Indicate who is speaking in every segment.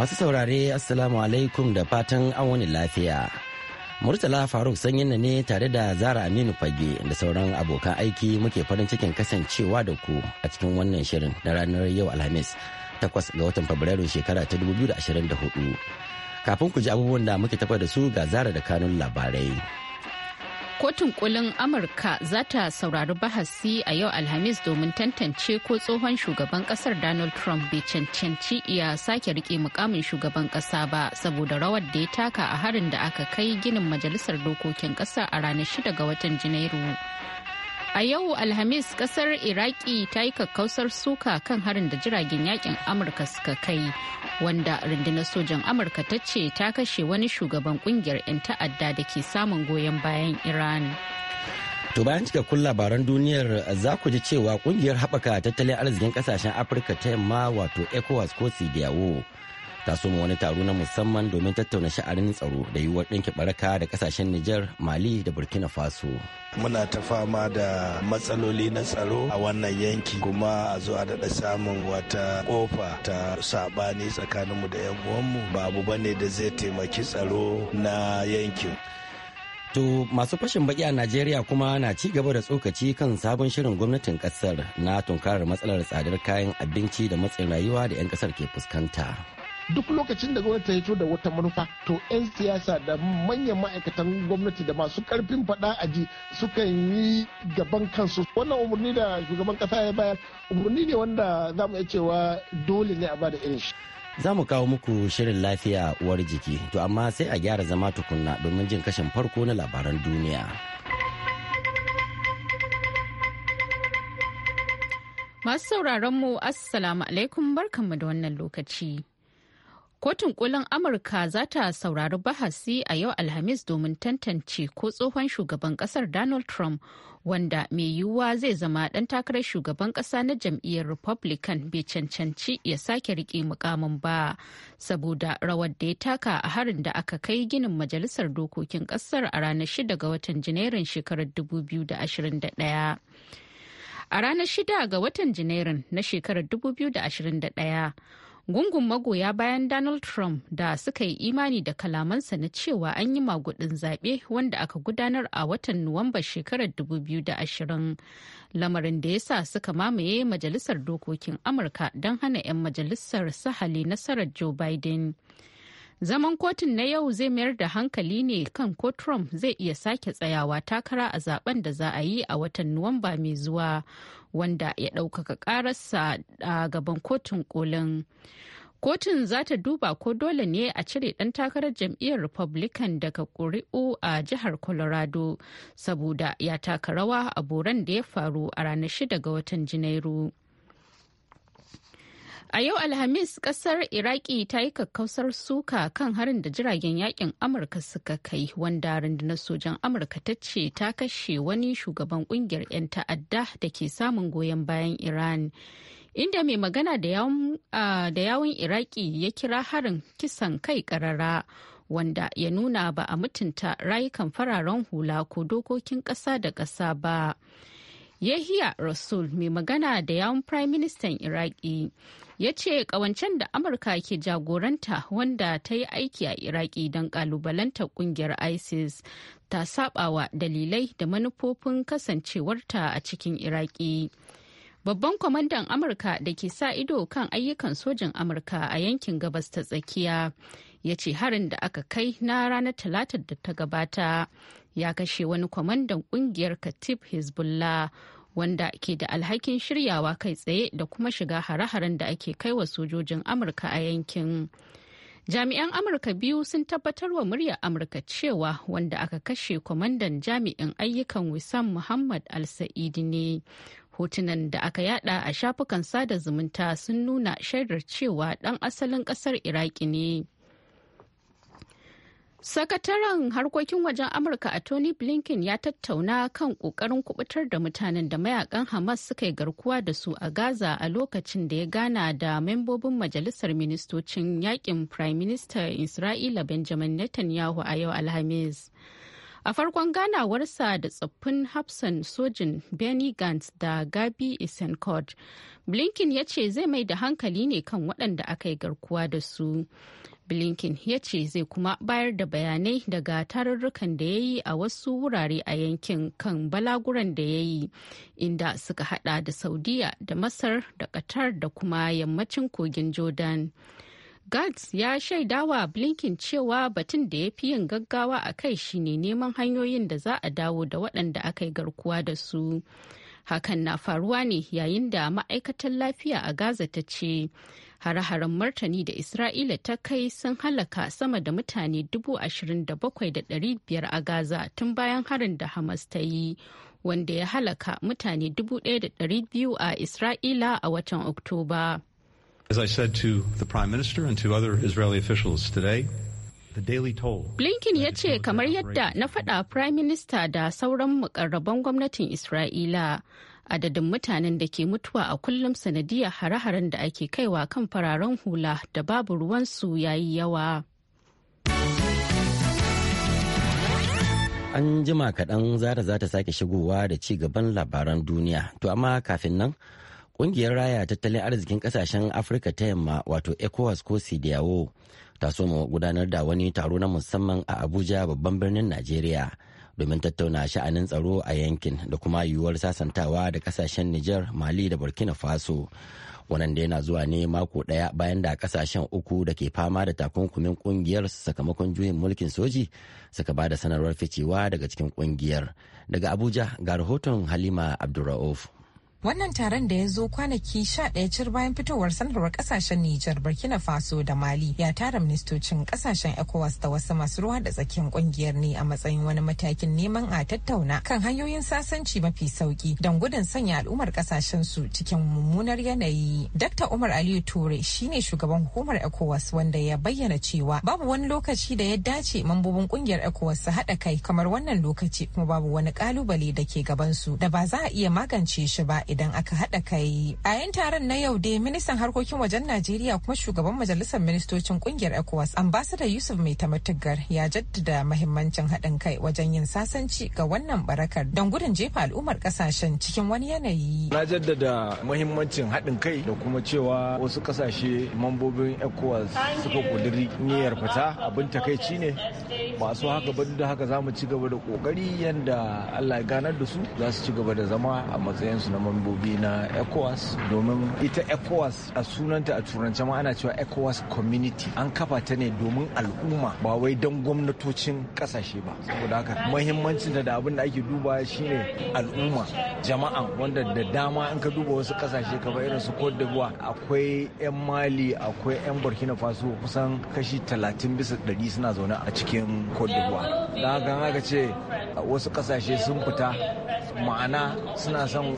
Speaker 1: Masu saurare Assalamu alaikum da fatan an lafiya. Murtala Faruk sanyin na ne tare da Zara Aminu Fage da sauran abokan aiki muke farin cikin kasancewa da ku a cikin wannan shirin na ranar yau Alhamis takwas ga watan Fabrairu shekara ta hudu. Kafin ku ji abubuwan da muke tafa da su ga Zara da kanun labarai.
Speaker 2: Kotun kolin Amurka za ta saurari bahasi a yau Alhamis domin tantance ko tsohon shugaban kasar Donald Trump bai cancanci iya sake rike mukamin shugaban kasa ba saboda rawar da ya taka a harin da aka kai ginin majalisar dokokin kasa a ranar 6 ga watan Janairu. A yau Alhamis kasar Iraki ta yi kakkausar suka kan harin da jiragen yakin Amurka suka kai wanda rundunar sojan Amurka ta ce ta kashe wani shugaban kungiyar 'yan ta'adda da ke samun goyon bayan Iran.
Speaker 1: To bayan cikakkun labaran duniyar za ku ji cewa kungiyar haɓaka tattalin arzikin ƙasashen Afirka ta yamma wato ECOWAS ko CDAO ta soma wani taro na musamman domin tattauna sha'anin tsaro da yiwuwar ɗinki baraka da ƙasashen Nijar, Mali da Burkina Faso.
Speaker 3: Muna ta fama da matsaloli na tsaro a wannan yanki kuma a zo a daɗa samun wata ƙofa ta saɓani tsakaninmu da 'yan uwanmu babu bane da zai
Speaker 1: taimaki tsaro na yankin. To masu fashin baki a Najeriya kuma na ci gaba da tsokaci kan sabon shirin gwamnatin kasar na tunkarar matsalar tsadar kayan abinci da matsin rayuwa da 'yan kasar ke fuskanta.
Speaker 4: duk lokacin da gwamnati ta hito da wata manufa to 'yan siyasa da manyan ma'aikatan gwamnati da masu karfin faɗa ji sukan yi gaban kansu wannan umarni da shugaban kasa ya bayar umarni ne wanda za mu iya cewa dole ne a bada irin shi
Speaker 1: za mu kawo muku shirin lafiya uwar jiki to amma sai a gyara zama tukunna domin jin kashin farko na labaran duniya
Speaker 2: masu sauraron mu assalamu alaikum barkanmu da wannan lokaci Kotun kolin Amurka za ta saurari bahasi a yau Alhamis domin tantance ko tsohon shugaban kasar Donald Trump wanda mai yiwuwa zai zama ɗan takarar shugaban ƙasa na jam'iyyar Republican bai cancanci ya sake riƙe mukamin ba saboda rawar da ya taka a harin da aka kai ginin majalisar dokokin ƙasar a ranar 6 ga watan Janairun shekarar 2021. A ranar shida ga watan Janairun na shekarar 2021 gungun magoya bayan donald trump da suka yi imani da kalamansa na cewa an yi magudin zaɓe wanda aka gudanar a watan nuwamba shekarar 2020 lamarin da ya sa suka mamaye majalisar dokokin amurka don hana 'yan majalisar sahali nasarar joe biden zaman kotun na yau zai mayar da hankali ne kan ko trump zai iya sake tsayawa takara a zaben da za a yi a watan nuwamba mai zuwa wanda ya ɗaukaka ƙararsa a gaban kotun kolin. kotun za ta duba ko dole ne a cire ɗan takarar jam'iyyar republican daga ƙuri'u a jihar colorado saboda ya taka rawa a boran da ya faru a ranar 6 ga watan janairu A yau Alhamis kasar Iraki ta yi kakkausar suka kan harin da jiragen yakin Amurka suka kai wanda rundunar sojan Amurka ta ce ta kashe wani shugaban kungiyar 'yan ta'adda da ke samun goyon bayan Iran. Inda mai magana da yawun Iraki ya kira harin kisan kai karara wanda ya nuna ba a mutunta rayukan fararen hula ko dokokin ƙasa da ƙasa ba. Yahiya Rasul mai magana da yawun Prime Minister Iraki ya ce kawancen da amurka ke jagoranta wanda ta yi aiki a iraki don kalubalanta kungiyar isis ta sabawa dalilai da manufofin kasancewarta a cikin iraki babban kwamandan amurka da ke sa ido kan ayyukan sojin amurka a yankin gabas ta tsakiya ya ce harin da aka kai na ranar talatar da ta gabata ya kashe wani kwamandan kungiyar katif hezbollah wanda ke da alhakin shiryawa kai tsaye da kuma shiga hare-haren da ake kai wa sojojin amurka a yankin jami'an amurka biyu sun tabbatar wa muryar amurka cewa wanda aka kashe kwamandan jami'in ayyukan wissam muhammad al-sa'idi ne hotunan da aka yada a shafukan sada zumunta sun nuna shaidar cewa dan asalin kasar iraki ne Sakataren harkokin wajen Amurka a Tony Blinken ya tattauna kan ƙoƙarin kubutar da mutanen da mayakan Hamas suka yi garkuwa da su a Gaza a lokacin da ya gana da membobin Majalisar Ministocin Yakin Prime Minister Isra'ila Benjamin Netanyahu a yau Alhamis. A farkon ganawarsa da tsoffin hafsan sojin Benny Gantz da Gabi Isenkot, Blinken ya ce zai mai da hankali ne kan waɗanda aka yi garkuwa da su. blinken ya ce zai kuma bayar da bayanai daga tarurrukan da ya yi a wasu wurare a yankin kan balaguran da ya yi inda suka hada da saudiya da masar da qatar da kuma yammacin kogin jordan Gads ya shaidawa Blinken cewa batun da ya fi yin gaggawa a kai shine neman hanyoyin da za a dawo da waɗanda aka yi garkuwa da su. Hakan na faruwa ne yayin da ma'aikatan lafiya a Gaza ta ce Hare-haren martani da Isra'ila ta kai sun halaka sama da mutane 27,500 a Gaza tun bayan harin da Hamas ta yi, wanda ya halaka mutane 1,200 a Isra'ila a watan Oktoba.
Speaker 5: As I the Prime Minister and to other Israeli officials today, Blinken
Speaker 2: ya ce kamar yadda na faɗa Prime Minister da sauran mukarraban gwamnatin Isra'ila adadin mutanen da ke mutuwa a kullum sanadiyar hare-haren da ake kaiwa kan fararen hula da babu ruwansu ya yi yawa.
Speaker 1: An jima kaɗan zata zata sake shigowa da ci gaban labaran duniya. To amma kafin nan, ƙungiyar raya tattalin arzikin ƙasashen Afirka ta yamma wato ECOWAS ko CDAO ta so gudanar da wani taro na musamman a Abuja babban birnin Najeriya. domin tattauna sha'anin tsaro a yankin da kuma yiwuwar sasantawa da kasashen Nijar, Mali da Burkina Faso. Wannan da yana zuwa ne mako ɗaya bayan da kasashen uku da ke fama da takunkumin kungiyar sakamakon juyin mulkin soji suka ba da sanarwar ficewa daga cikin kungiyar. Daga Abuja ga rahoton Halima Abdulra'uf.
Speaker 5: Wannan taron da ya zo kwanaki sha ɗaya cir bayan fitowar sanarwar ƙasashen Nijar, Burkina Faso da Mali ya tara ministocin ƙasashen ECOWAS da wasu masu ruwa da tsakin ƙungiyar ne a matsayin wani matakin neman a tattauna kan hanyoyin sasanci mafi sauki don gudun sanya al'ummar ƙasashen su cikin mummunar yanayi. Dr. Umar Aliyu Ture shine shugaban hukumar ECOWAS wanda ya bayyana cewa babu wani lokaci da ya dace mambobin ƙungiyar ECOWAS su haɗa kai kamar wannan lokaci kuma babu wani ƙalubale da ke gaban su da ba za a iya magance shi ba idan aka haɗa kai. A yan taron na yau dai ministan harkokin wajen Najeriya kuma shugaban majalisar ministocin kungiyar ECOWAS ambasada Yusuf Mai Tamatugar ya jaddada mahimmancin haɗin kai wajen yin sasanci ga wannan barakar don gudun jefa al'ummar kasashen cikin wani yanayi.
Speaker 6: Na jaddada mahimmancin haɗin kai da kuma cewa wasu kasashe mambobin ECOWAS suka kuduri niyyar fita abin takaici ne masu haka ba da haka za mu ci gaba da kokari yadda Allah ya ganar da su za su ci gaba da zama a matsayinsu na membobi na ecowas domin ita ecowas a sunanta a turance ma ana cewa ecowas community an kafa ta ne domin al'umma ba wai don gwamnatocin kasashe ba saboda haka muhimmancin da abin da ake duba shine al'umma jama'a wanda da dama an ka duba wasu kasashe kamar irin su Cote d'Ivoire akwai 'yan Mali akwai 'yan Burkina Faso kusan kashi 30 bisa 100 suna zaune a cikin Cote d'Ivoire don haka ce wasu kasashe sun fita ma'ana suna son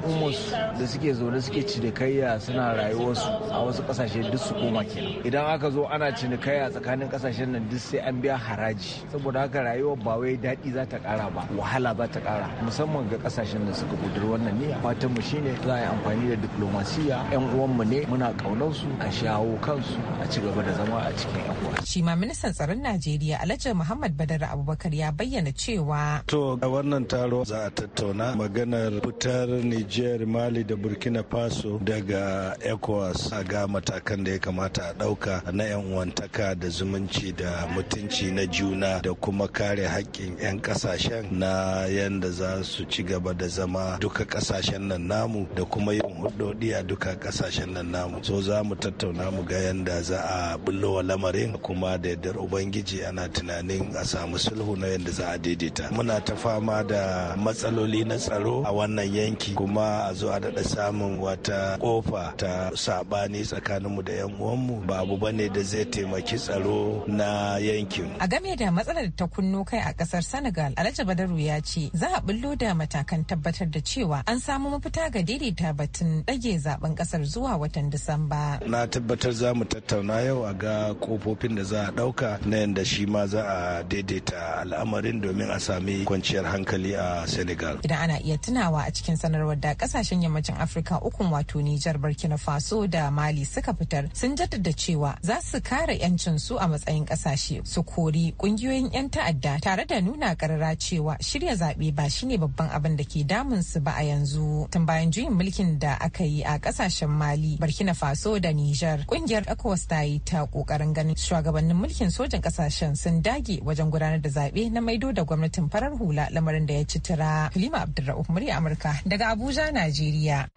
Speaker 6: al'ummarsu da suke zaune suke cinikayya suna rayuwarsu a wasu kasashe duk su koma kenan idan aka zo ana cinikayya tsakanin kasashen nan duk sai an biya haraji saboda haka rayuwar ba wai daɗi za ta ƙara ba wahala za ta ƙara musamman ga kasashen da suka kudur wannan ne fatan mu shine za a yi amfani da diplomasiya yan uwanmu ne muna kaunar su a shawo kansu a ci gaba da zama a cikin yan
Speaker 5: uwa shi ma ministan tsaron Najeriya Alhaji Muhammad Badar Abubakar ya bayyana cewa
Speaker 3: to a wannan taro za a tattauna maganar fitar ne Nijiyar Mali da Burkina Faso daga ECOWAS a ga matakan da ya kamata a ɗauka na 'yan uwantaka da zumunci da mutunci na juna da kuma kare hakkin 'yan ƙasashen na yadda za su ci gaba da zama duka ƙasashen nan namu da kuma yin hudodi a duka ƙasashen nan namu. So za mu tattauna mu ga yanda za a bullowa lamarin kuma da yardar Ubangiji ana tunanin a samu sulhu na yadda za a daidaita. Muna ta fama da matsaloli na tsaro a wannan yanki kuma kuma a zo a daɗa samun wata kofa ta saɓani tsakaninmu da 'yan uwanmu ba abu bane da zai taimaki tsaro na yankin.
Speaker 5: A game da matsalar ta kunno kai a ƙasar Senegal, Alhaji Badaru ya ce za a bullo da matakan tabbatar da cewa an samu mafita ga daidaita batun ɗage zaben ƙasar zuwa watan Disamba.
Speaker 3: Na tabbatar za mu tattauna yau a ga kofofin da za a ɗauka na yadda shi ma za a daidaita al'amarin domin a sami kwanciyar hankali a Senegal.
Speaker 5: Idan ana iya tunawa a cikin sanarwar da kasashen yammacin afirka ukun wato nijar burkina faso da mali suka fitar sun jaddada cewa za su kare 'yancin su a matsayin kasashe su kori kungiyoyin 'yan ta'adda tare da nuna karara cewa shirya zaɓe ba shine babban abin da ke damun su ba a yanzu tun bayan juyin mulkin da aka yi a kasashen mali burkina faso da nijar kungiyar ecowas ta yi ta kokarin ganin shugabannin mulkin sojan kasashen sun dage wajen gudanar da zaɓe na maido da gwamnatin farar hula lamarin da ya ci tira halima abdulrahman murya amurka daga abuja Abuja, Najeriya.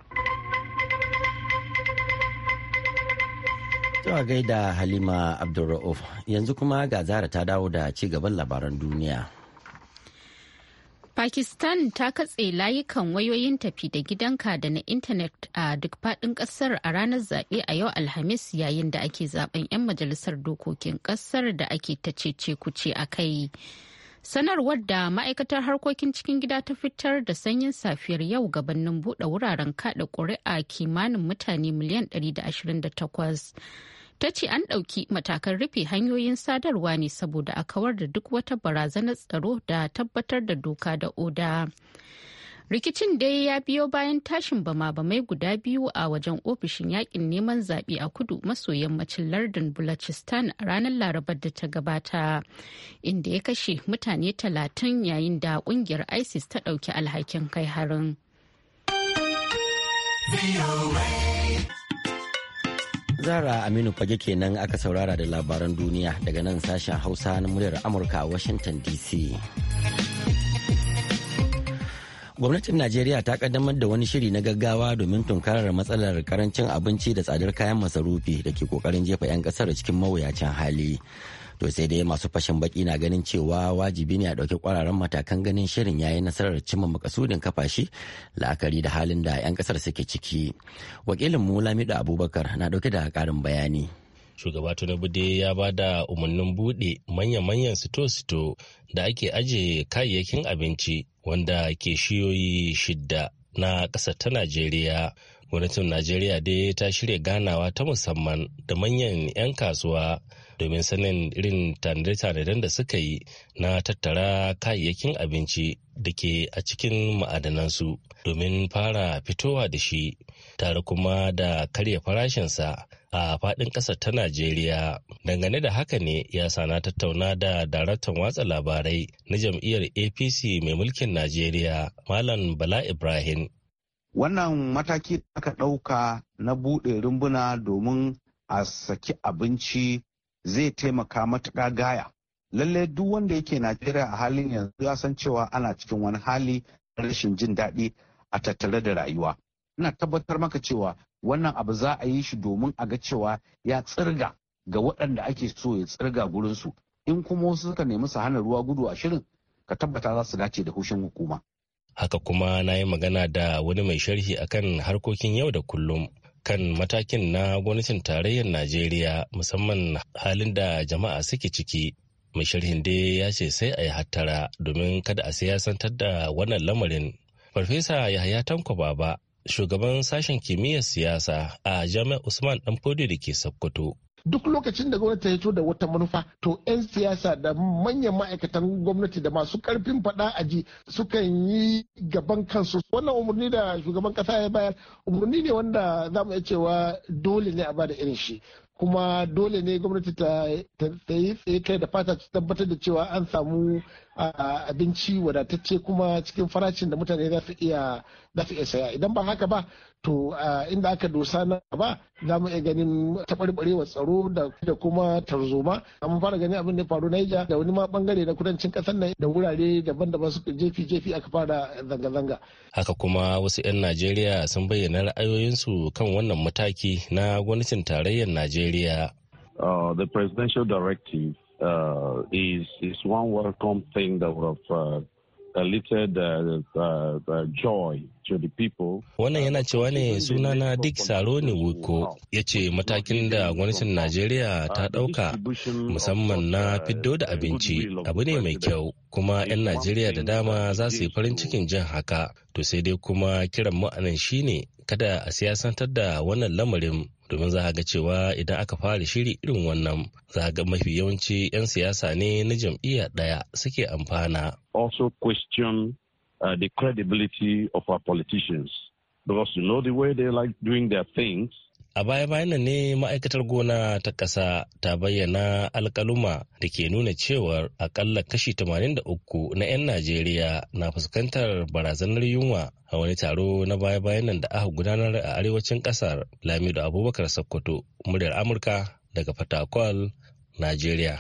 Speaker 1: Zuwa gaida Halima Abdulra'uf yanzu kuma ga zara ta dawo da ci gaban labaran duniya.
Speaker 2: Pakistan ta katse layukan wayoyin tafi da gidanka da na intanet a duk faɗin ƙasar a ranar zaɓe a yau Alhamis yayin da ake zaben 'yan majalisar dokokin ƙasar da ake ta cece kuce a kai. sanarwar da ma'aikatar harkokin cikin gida ta fitar da sanyin safiyar yau gabanin buɗe wuraren kaɗa ƙuri'a kimanin mutane miliyan 128 ta ce an ɗauki matakan rufe hanyoyin sadarwa ne saboda a kawar da duk wata barazanar tsaro da tabbatar da doka da oda. rikicin dai ya biyo bayan tashin bama-bamai guda biyu a wajen ofishin yakin neman zaɓe a kudu maso yammacin lardin bulachistan a ranar larabar da ta gabata inda ya kashe mutane talatin yayin da kungiyar isis ta ɗauki alhakin kai harin
Speaker 1: zara aminu fage kenan aka saurara da labaran duniya daga nan sashen hausa na muryar amurka a washington dc gwamnatin najeriya ta kaddamar da wani shiri na gaggawa domin tunkarar matsalar karancin abinci da tsadar kayan masarufi da ke kokarin jefa 'yan kasar cikin mawuyacin hali to sai dai masu fashin baki na ganin cewa wajibi ne a ɗauki kwararan matakan ganin shirin yayi nasarar cimma makasudin kafashi la'akari da halin da 'yan kasar suke ciki wakilin mu lamido abubakar na ɗauke da ƙarin bayani
Speaker 7: shugaba tinubu dai ya ba da umarnin buɗe manya-manyan sito-sito da ake aje kayayyakin abinci wanda ke shiyoyi shidda na ƙasar ta najeriya gwamnatin najeriya dai ta shirya ganawa ta musamman da manyan 'yan kasuwa domin sanin irin tanade tanadar da suka yi na tattara kayayyakin abinci da ke a cikin ma'adanansu domin fara fitowa da shi tare kuma da karya farashinsa a faɗin ƙasar ta Najeriya. Dangane da haka ne ya sana tattauna da daraktan watsa labarai na jam'iyyar APC mai mulkin Najeriya, Malam Bala Ibrahim.
Speaker 3: Wannan mataki aka ɗauka na buɗe rumbuna domin a saki abinci zai taimaka matuƙa gaya. Lalle duk wanda yake Najeriya a halin yanzu ya san cewa ana cikin wani hali rashin jin daɗi a tattare da rayuwa. ina tabbatar maka cewa wannan abu za a yi shi domin a ga cewa ya tsirga ga waɗanda ake so ya tsirga gurinsu in kuma wasu suka nemi su hana ruwa gudu a shirin ka tabbata za su dace da hushin hukuma.
Speaker 7: Haka kuma na yi magana da wani mai sharhi akan harkokin yau da kullum kan matakin na gwamnatin tarayyar Najeriya musamman halin da jama'a suke ciki. Mai sharhin dai ya ce sai a yi hattara domin kada a siyasantar da wannan lamarin. Farfesa Yahaya Tanko Baba shugaban sashen kimiyyar siyasa a jami'ar Usman Danfodi da ke Sakkwato.
Speaker 4: duk lokacin da gwamnati ta hito da wata manufa to 'yan siyasa da manyan ma'aikatan gwamnati da masu karfin faɗa aji sukan yi gaban kansu wannan umarni da shugaban kasa ya bayar umarni ne wanda za mu iya cewa dole ne a da irin shi kuma dole ne gwamnati ta yi tsaye kai da fata ta tabbatar da cewa an samu abinci wadatacce kuma cikin farashin da mutane za su iya iya saya idan ba haka ba to inda aka dosa na ba za mu iya ganin taɓarɓarewa tsaro da kuma tarzoma mun fara ganin abin da ya faru naija da wani ma bangare na kudancin ƙasar nan da wurare daban-daban su jefi jefi aka fara zanga-zanga
Speaker 7: haka kuma wasu 'yan najeriya sun bayyana ra'ayoyinsu kan wannan mataki na gwamnatin tarayyar najeriya uh, the presidential directive uh, is is one welcome thing that would have uh, elicited joy uh, uh, uh, joy. Wannan yana cewa ne uh, sunana Dick Saroni Wiko ya ce matakin da gwamnatin Najeriya ta ɗauka musamman na fiddo da abinci abu ne mai kyau kuma 'yan Najeriya da dama za su yi farin cikin jin haka to sai dai kuma kiran mu anan shine kada a siyasantar da wannan lamarin domin za a ga cewa idan aka fara shiri irin wannan za a ga mafi yawanci 'yan siyasa ne na jam'iyya ɗaya suke amfana. Also question uh, the credibility of our politicians because you know the way they like doing their things A baya-bayan nan ne ma'aikatar gona ta ƙasa ta bayyana alƙaluma da ke nuna cewar akalla kashi 83 na 'yan Najeriya na fuskantar barazanar yunwa a wani taro na baya-bayan nan da aka gudanar a arewacin ƙasar Lamido Abubakar
Speaker 1: Sokoto, muryar Amurka daga Fatakwal, Najeriya.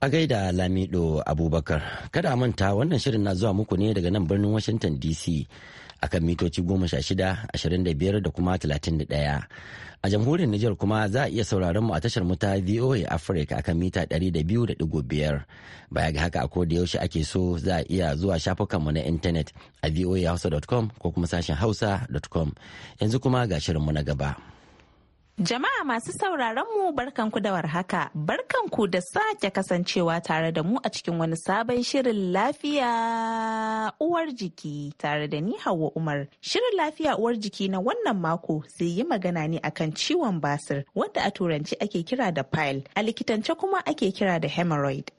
Speaker 1: A gaida Lamido Abubakar, kada manta wannan shirin na zuwa muku ne daga nan birnin Washington DC. akan mitoci 16, 25 da kuma 31. A jamhuriyar Nijar kuma za a iya sauraron mu a tashar muta VOA Africa akan mita 200.5. Baya ga haka a da yaushe ake so za a iya zuwa shafukanmu na intanet a voahausa.com ko kuma sashen hausa.com. Yanzu kuma ga shirinmu na gaba.
Speaker 8: Jama'a masu sauraron mu barkanku da warhaka, barkanku da sake kasancewa tare da mu a cikin wani sabon shirin lafiya uwar jiki tare da ni Hauwa Umar. Shirin lafiya uwar jiki na wannan mako zai yi magana ne akan ciwon basir wanda a turanci ake kira da pile, a likitance kuma ake kira da hemorrhoid.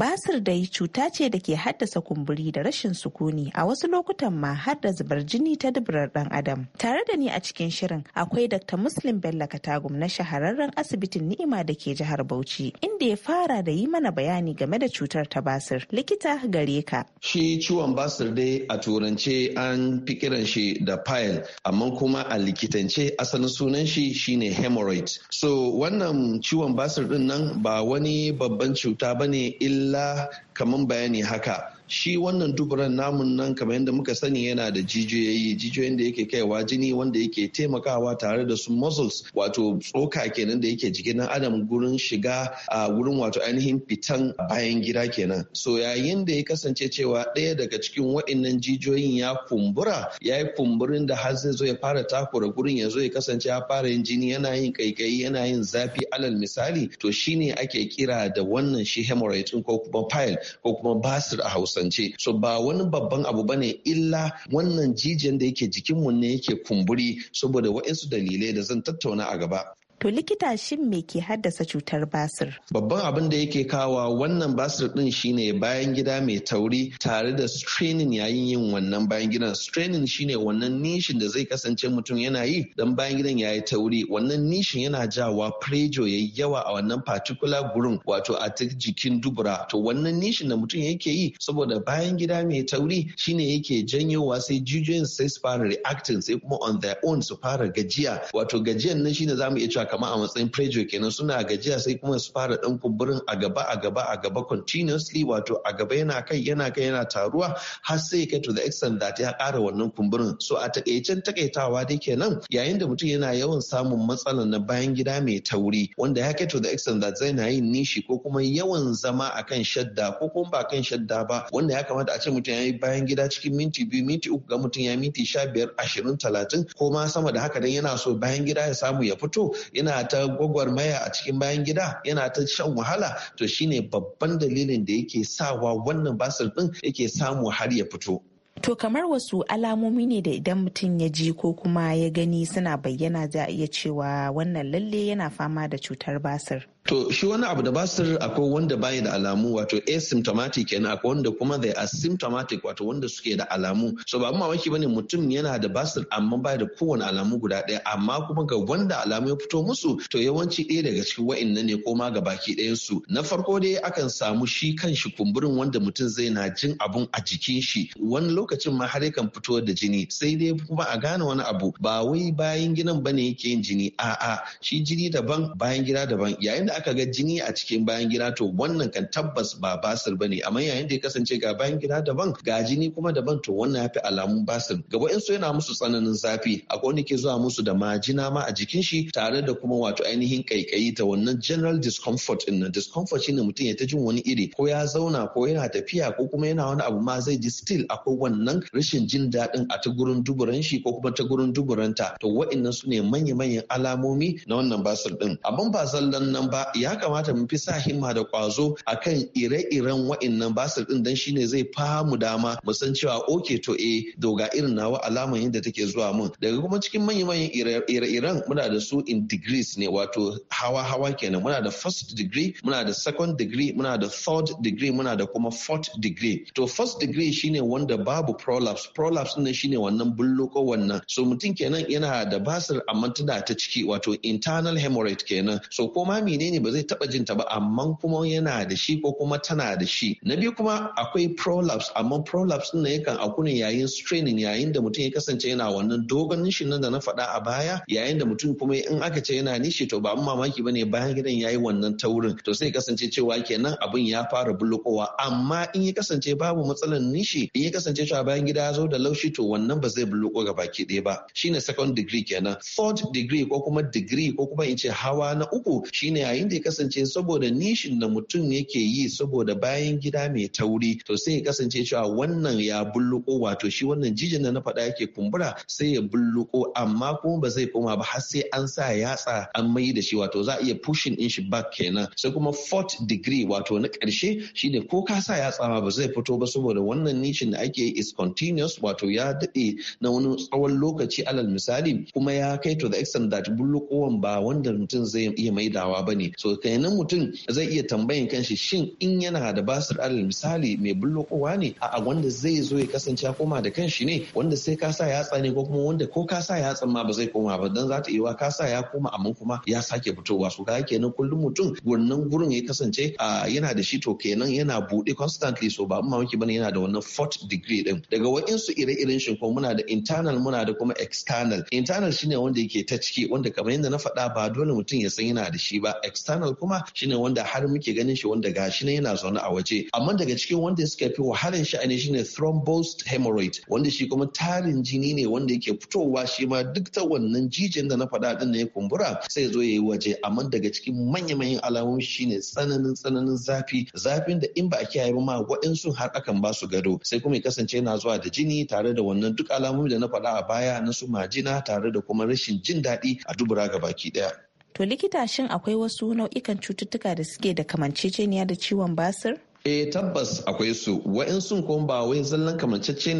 Speaker 8: basir dai cuta ce da ke haddasa kumburi da rashin sukuni a wasu lokutan ma har da zubar jini ta dubrar dan adam tare da ni a cikin shirin akwai dr muslim bello katagum na shahararren asibitin ni'ima da ke jihar bauchi inda ya fara da yi mana bayani game da cutar ta basir likita gare ka
Speaker 9: shi ciwon basir dai a turance an fi kiran shi da pile amma kuma a likitance asalin sunan shi shine hemorrhoid so wannan ciwon basir din nan ba wani babban cuta bane illa Illa kaman kamar bayani haka shi wannan duburan namun nan kamar yadda muka sani yana da jijiyoyi jijiyoyin da yake kaiwa jini wanda yake taimakawa tare da su muscles wato tsoka kenan da yake jikin adam gurin shiga a gurin wato ainihin fitan bayan gida kenan so yayin da ya kasance cewa ɗaya daga cikin waɗannan jijiyoyin ya kumbura ya yi kumburin da har zai zo ya fara takura gurin ya zo ya kasance ya fara yin jini yana yin kaikayi yana yin zafi alal misali to shine ake kira da wannan shi hemorrhoid ko kuma file ko kuma basir a hausance so ba wani babban abu bane illa wannan jijiyan da yake jikinmu ne yake kumburi saboda waɗansu dalilai da zan tattauna a gaba
Speaker 8: To likita shin me ke haddasa cutar basir?
Speaker 9: Babban abin da yake kawa wannan basir din shine bayan gida mai tauri tare da straining yayin yin wannan bayan gidan. Straining shine wannan nishin da zai kasance mutum yana yi dan bayan gidan yayi tauri. Wannan nishin yana jawa prejo yayi yawa a wannan particular gurin wato a jikin dubura. To wannan nishin da mutum yake yi saboda bayan gida mai tauri shine yake janyowa sai jijiyoyin sai su fara reacting sai kuma on their own su fara gajiya. Wato gajiyan nan shine zamu iya cewa kamar a matsayin pressure kenan suna gajiya sai kuma su fara dan kumburin a gaba a gaba a gaba continuously wato a gaba yana kai yana kai yana taruwa har sai kai to the extent that ya kara wannan kumburin so a takaicen takaitawa dai kenan yayin da mutum yana yawan samun matsalar na bayan gida mai tauri wanda ya kai to the extent that zai na yin nishi ko kuma yawan zama akan shadda ko kuma ba kan shadda ba wanda ya kamata a ce mutum ya yi bayan gida cikin minti biyu minti uku ga mutum ya minti sha biyar ashirin talatin ko ma sama da haka dan yana so bayan gida ya samu ya fito yana ta gwagwarmaya a cikin bayan gida yana ta shan wahala to shine babban dalilin da yake sawa wannan basir din yake samu har ya fito
Speaker 8: To kamar wasu alamomi ne da idan mutum ya ji ko kuma ya gani suna bayyana za a iya cewa wannan lalle yana fama da cutar basir.
Speaker 9: To shi wani abu da basir akwai wanda bayi da alamu wato asymptomatic kenan akwai wanda kuma they are symptomatic wato wanda suke da alamu. So ba mu mamaki bane mutum yana da basir amma bai da kowane alamu guda ɗaya amma kuma ga wanda alamu ya fito musu to yawanci ɗaya daga cikin wa'annan ne ko ma ga baki ɗayan su. Na farko dai akan samu shi kan shi kumburin wanda mutum zai na jin abun a jikin shi wani lokacin ma har yakan fito da jini sai dai kuma a gane wani abu ba wai bayan gidan bane yake yin jini a'a shi jini daban bayan gida daban yayin da aka ga jini a cikin bayan gida to wannan kan tabbas ba basir bane amma yayin da ya kasance ga bayan gida daban ga jini kuma daban to wannan ya fi alamun basir gaba in yana musu tsananin zafi akwai wani ke zuwa musu da majina ma a jikin shi tare da kuma wato ainihin kaikayi ta wannan general discomfort din nan discomfort shine mutum ya ta jin wani iri ko ya zauna ko yana tafiya ko kuma yana wani abu ma zai ji still akwai wannan rashin jin daɗin a ta gurin duburan shi ko kuma ta gurin duburanta to wa'annan su ne manya-manyan alamomi na wannan basir ɗin. abin ba zallan nan ba ya kamata mu fi sa himma da kwazo akan ire-iren wa'annan basir din dan shine zai famu dama mu san cewa oke to eh doga irin nawa alaman yadda take zuwa mun daga kuma cikin manya-manyan ire-iren muna da su in degrees ne wato hawa-hawa kenan muna da first degree muna da second degree muna da third degree muna da kuma fourth degree to first degree shine wanda babu prolapse prolapse ne shine wannan bulloko wannan so mutum kenan yana da basir amma tana ta ciki wato internal hemorrhage kenan so ko ma menene ne ba zai taba jin ta ba amma kuma yana da shi ko kuma tana da shi na biyu kuma akwai prolapse amma prolapse din ne yakan aku ne yayin straining yayin da mutum ya kasance yana wannan dogon nishin nan da na faɗa a baya yayin da mutum kuma in aka ce yana nishi to ba mamaki bane bayan gidan yayi wannan taurin to sai kasance cewa kenan abin ya fara bulukowa amma in ya kasance babu matsalan nishi in ya kasance cewa bayan gida ya zo da laushi to wannan ba zai buluko ga baki ɗaya ba shine second degree kenan third degree ko kuma degree ko kuma in ce hawa na uku shine yayin yayin da ya kasance saboda nishin da mutum yake yi saboda bayan gida mai tauri to sai ya kasance cewa wannan ya bulluko wato shi wannan jijin da na faɗa yake kumbura sai ya bulluko amma kuma ba zai koma ba har sai an sa yatsa an mai da shi wato za a iya pushing in shi back kenan sai kuma fourth degree wato na ƙarshe shine ko ka sa yatsa ma ba zai fito ba saboda wannan nishin da ake yi is continuous wato ya daɗe na wani tsawon lokaci alal misali kuma ya kai to the extent that bullukowan ba wanda mutum zai iya maidawa ba ne so kenan mutum zai iya tambayin kanshi shin in yana da basir alal misali mai bulokowa ne a wanda zai zo ya kasance ya koma da kanshi ne wanda sai ka sa yatsa ne ko kuma wanda ko ka sa ma ba zai koma ba dan za ta iya ka sa ya koma amma kuma ya sake fitowa so ka kenan kullum mutum wannan gurin ya kasance yana da shi to kenan yana buɗe constantly so ba mamaki bane yana da wannan fourth degree din daga wa'insu ire-iren shi ko muna da internal muna da kuma external internal shine wanda yake ta ciki wanda kamar yadda na faɗa ba dole mutum ya san yana da shi ba external kuma shine wanda har muke ganin shi wanda gashi ne yana zaune a waje amma daga cikin wanda suka fi wahalar sha'ani shine thrombosed hemorrhoid wanda shi kuma tarin jini ne wanda yake fitowa shi ma duk ta wannan jijin da na faɗa din ya kumbura sai zo ya yi waje amma daga cikin manya-manyan alamun shine tsananin tsananin zafi zafin da in ba a kiyaye ba ma waɗansu har akan ba su gado sai kuma ya kasance yana zuwa da jini tare da wannan duk alamomi da na faɗa a baya na su majina tare da kuma rashin jin daɗi a dubura ga baki ɗaya.
Speaker 8: To likita shin akwai wasu nau'ikan cututtuka da suke da kamanceceniya da ciwon basir?
Speaker 9: E tabbas akwai su wa'insu kuma ba wai zallan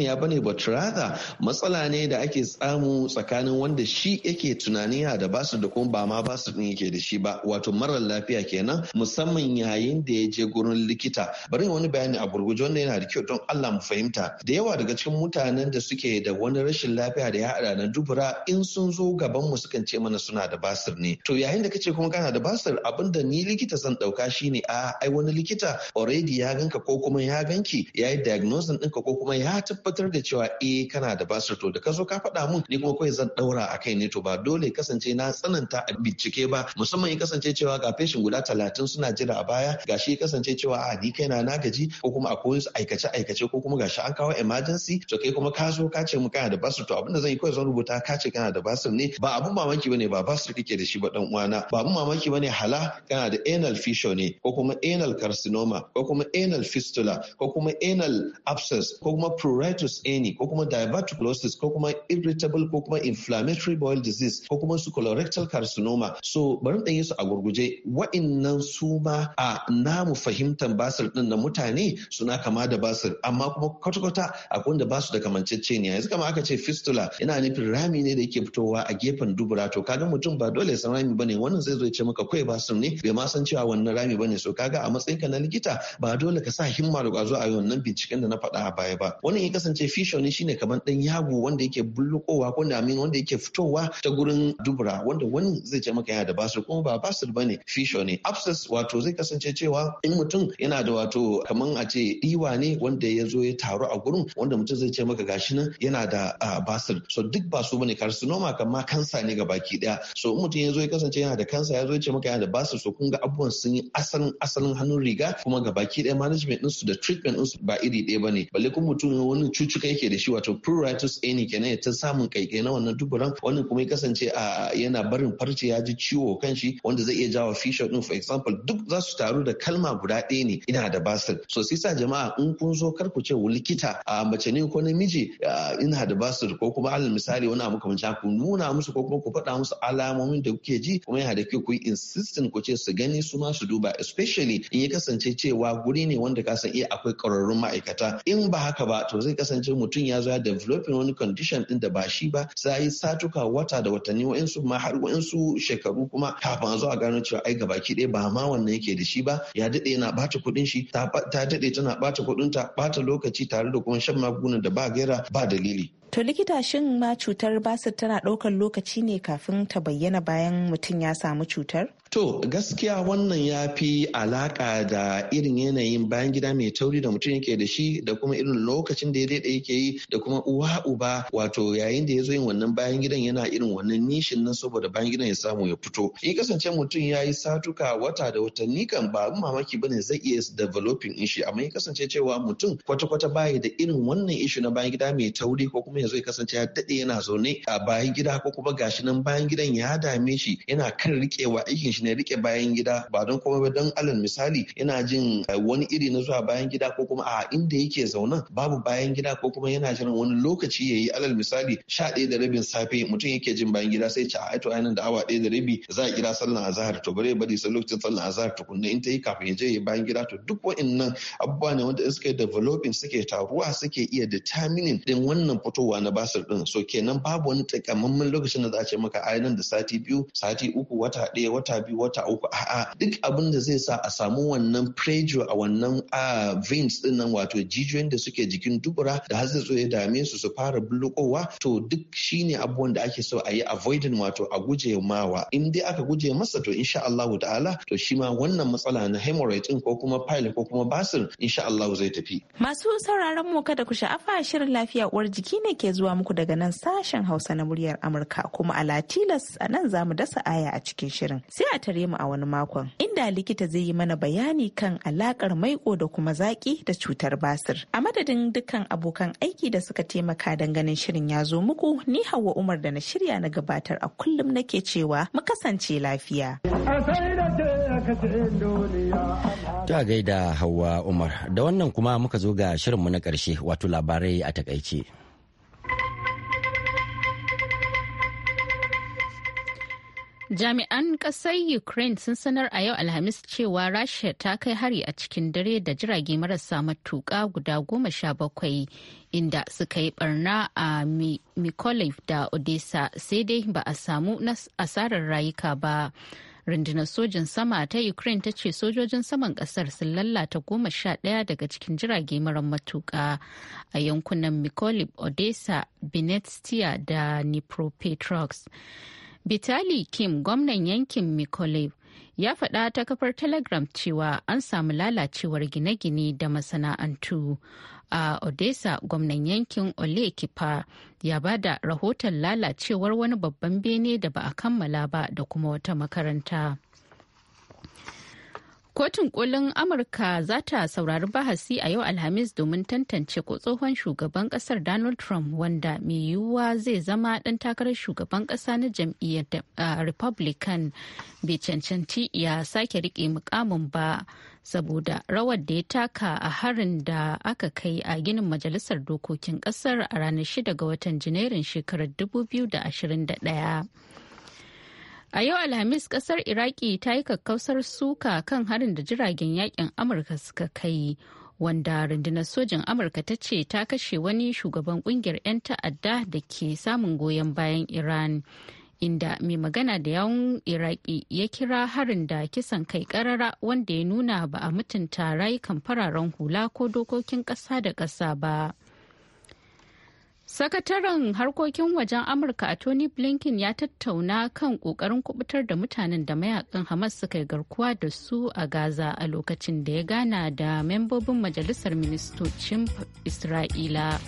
Speaker 9: ya bane ba rather matsala ne da ake samu tsakanin wanda shi yake tunani ya da basu da kuma ba ma basu din yake da shi ba wato marar lafiya kenan musamman yayin da ya je gurin likita bari wani bayani a gurguje wanda yana da kyau don Allah mu fahimta da yawa daga cikin mutanen da suke da wani rashin lafiya da ya hada na dubura in sun zo gaban mu sukan ce mana suna da basir ne to yayin da kace kuma kana da basir abinda ni likita zan dauka shine a ai wani likita already Ya ya ganka ko kuma ya ganki ya yi diagnosis ɗinka ko kuma ya tabbatar da cewa eh kana da basir to da ka zo ka faɗa mun ni kuma kawai zan ɗaura a kai ne to ba dole kasance na tsananta a bincike ba musamman ya kasance cewa ga feshin guda talatin suna jira a baya gashi ya kasance cewa a ah, ni kaina na gaji ko kuma akwai wasu aikace aikace ko kuma gashi an kawo emergency to kai kuma ka zo ka ce mu kana da basir to abinda zan yi kawai zan rubuta ka ce kana da basir ne ba abun mamaki bane ba basir kake da shi ba dan uwana ba abun mamaki bane hala kana da anal fissure ne ko kuma anal carcinoma ko kuma kuma anal fistula ko kuma anal abscess ko kuma pruritus any ko kuma diverticulosis ko kuma irritable ko kuma inflammatory bowel disease ko kuma su colorectal carcinoma so bari dan yi su a gurguje wa'innan su ma a namu fahimtar basir din na mutane suna kama da basir amma kuma kwata-kwata akwai wanda basu da kamanceceniya yanzu kama aka ce fistula yana nufin rami ne da yake fitowa a gefen dubura to kaga mutum ba dole san rami bane wannan zai zo ya ce maka kai basir ne bai ma san cewa wannan rami ba ne so kaga a matsayin ka na likita ba ba dole ka sa himma da kwazo a wannan binciken da na faɗa a baya ba wannan ya kasance fisho ne shine kamar dan yago wanda yake bulukowa ko amin wanda yake fitowa ta gurin dubura wanda wani zai ce maka yana da basir kuma ba basir bane fisho ne abscess wato zai kasance cewa in mutum yana da wato kamar a ce diwa ne wanda ya zo ya taru a gurin wanda mutum zai ce maka gashi nan yana da basir so duk ba su bane carcinoma kama kansa ne ga baki daya so in mutum ya zo ya kasance yana da kansa ya zo ya ce maka yana da basir so kun ga abubuwan sun yi asalin asalin hannun riga kuma ga baki ɗaya management ɗinsu da treatment ɗinsu ba iri ɗaya ba ne balle kuma mutum wani cucuka yake da shi wato pruritus ne kenan ya ta samun kaike na wannan duburan wannan kuma ya kasance a yana barin farce ya ji ciwo kan shi wanda zai iya jawo fisher ɗin for example duk za su taru da kalma guda ɗaya ne ina da basir so sai sa jama'a in kun zo kar ku ce likita a mace ne ko namiji ina da basir ko kuma alal misali wani abu kamar ku nuna musu ko kuma ku faɗa musu alamomin da kuke ji kuma yana da kyau ku yi insistent ku ce su gani su ma su duba especially in ya kasance cewa guri ne wanda ka san iya eh, akwai ƙwararrun ma'aikata in ba haka ba to zai kasance mutum ya zo a developing wani condition din da ba shi ba sai satuka wata da watanni wa'insu ma har wa'insu shekaru kuma kafin a zo a gano cewa ai gabaki ɗaya ba ma wannan yake da shi ba ya daɗe yana bata kuɗin shi ta daɗe tana bata kuɗin ta bata lokaci tare da kuma shan magungunan da ba gaira ba dalili
Speaker 8: To likita shin ma cutar basir tana ɗaukar lokaci ne kafin ta bayyana bayan mutum ya samu cutar? To
Speaker 9: gaskiya wannan ya fi alaƙa da irin yanayin bayan gida mai tauri da mutum yake da shi da kuma irin lokacin da ya daidai yake yi da kuma uwa uba wato yayin da ya zo yin wannan bayan gidan yana irin wannan nishin nan saboda bayan gidan ya samu ya fito. In kasance mutum ya yi satuka wata da watanni kan ba mamaki ba ne zai iya developing shi. amma ya kasance cewa mutum kwata-kwata baya da irin wannan ishi na bayan gida mai tauri ko kuma ya zo ya kasance ya daɗe yana zaune a bayan gida ko kuma gashi nan bayan gidan ya dame shi yana kan riƙewa aikin shi shi ne rike bayan gida ba don kuma don alal misali yana jin eh, wani iri na zuwa bayan gida ko kuma a inda yake zaunan babu bayan gida ko kuma yana jiran wani lokaci yayi alal misali sha ɗaya da rabin safe mutum yake jin bayan gida sai ce a to ainihin da awa ɗaya da rabi za a kira sallan azahar to bari bari sai lokacin sallan azahar tukunna in ta yi kafin ya je ya bayan gida to duk wa'annan abubuwa ne wanda suke developing suke taruwa suke iya determining din wannan fitowa na basir din so kenan babu wani takamamman lokacin da za a ce maka ainihin da sati biyu sati uku wata ɗaya wata biyu biyu wata uku a'a duk abin da zai sa a samu wannan pressure a wannan veins din nan wato jijiyoyin da suke jikin dubura da har zai ya dame su su fara bulukowa to duk shine abubuwan da ake so a yi avoiding wato a guje mawa in dai aka guje masa to insha Allahu ta'ala to shi ma wannan matsala na hemorrhoid din ko kuma pile ko kuma basir insha Allahu zai tafi
Speaker 8: masu sauraron mu kada ku sha'afa shirin lafiya uwar jiki ne ke zuwa muku daga nan sashen Hausa na muryar Amurka kuma a Latilas a nan za mu dasa aya a cikin shirin sai a tare mu a wani makon inda likita zai yi mana bayani kan alakar maiƙo da kuma zaki da cutar basir a madadin dukkan abokan aiki da suka taimaka don ganin shirin ya zo muku ni hawa umar da na shirya na gabatar a kullum nake cewa mu kasance lafiya
Speaker 1: ta gaida hawa umar da wannan kuma muka zo ga shirinmu na ƙarshe wato labarai a takaice
Speaker 2: Jami'an ƙasar Ukraine sun sanar a yau Alhamis cewa Rasha ta kai hari a cikin dare da jirage marasa matuƙa guda goma sha bakwai inda suka yi barna a Mykolaiv da Odessa sai dai ba a samu asarar rayuka ba. Rundunar sojin sama ta Ukraine ta ce sojojin saman ƙasar sun lalata goma sha ɗaya daga cikin jirage mara matuƙa a yankunan Mykolaiv, Odessa, Benetstia da nipropetrox Bitali Kim gwamnan yankin Mikolev ya faɗa ta kafar Telegram cewa an samu lalacewar gine-gine da masana'antu. A Odessa gwamnan yankin olekipa ya ba da rahoton lalacewar wani babban bene da ba a kammala ba da kuma wata makaranta. Kotun kolin Amurka za ta saurari bahasi a yau Alhamis domin tantance ko tsohon shugaban kasar Donald Trump wanda mai yiwuwa zai zama ɗan takarar shugaban ƙasa na jam'iyyar Republican bai cancanci ya sake riƙe mukamin ba saboda rawar da ya taka a harin da aka kai a ginin majalisar dokokin ƙasar a ranar 6 ga watan Janairun shekarar 2021. A yau Alhamis kasar Iraki ta yi kakkausar suka kan harin da jiragen yakin Amurka suka kai. Wanda rundunar sojin Amurka ta ce ta kashe wani shugaban kungiyar 'yan ta'adda da ke samun goyon bayan Iran. Inda mai magana da yawun Iraki ya kira harin da kisan kai karara wanda ya nuna ba a mutunta rayukan fararen hula ko dokokin ƙasa da ƙasa ba. Sakataren harkokin wajen Amurka a Tony Blinken ya tattauna kan ƙoƙarin kubutar da mutanen da mayakan Hamas suka yi garkuwa da su a Gaza a lokacin da ya gana da membobin Majalisar Ministocin Isra'ila.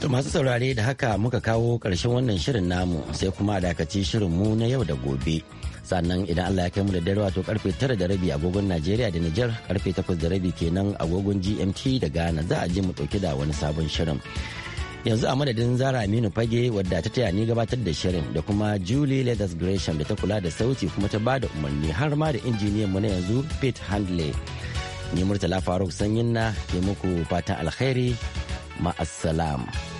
Speaker 1: da masu saurare da haka muka kawo ƙarshen wannan shirin namu sai kuma a dakaci shirin mu na yau da gobe. sannan idan Allah ya kai mu da dare wato karfe 9 da rabi agogon Najeriya da Nijar karfe 8 da rabi kenan agogon GMT da Ghana za a je mu ɗauki da wani sabon shirin. yanzu a madadin zara aminu fage wadda ta taya ni gabatar da shirin da kuma julie leathers gresham da ta kula da sauti kuma ta bada umarni har ma da injiniyan mu na yanzu pete handley ni murtala faruk sanyin na ke muku fatan alkhairi ma'assalam.